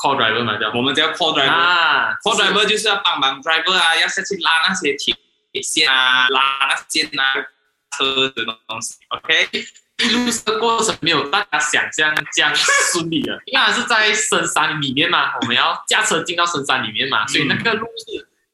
call driver 埋啫，嗯、我們叫 call driver，call 啊 call driver 是就是要幫忙 driver 啊，要下去拉那些鐵線啊、拉那些線啊、車嗰種東西。OK，路車 過程沒有大家想象這樣順利啊，那是在深山裏面嘛，我們要駕車進到深山裏面嘛，嗯、所以那個路是。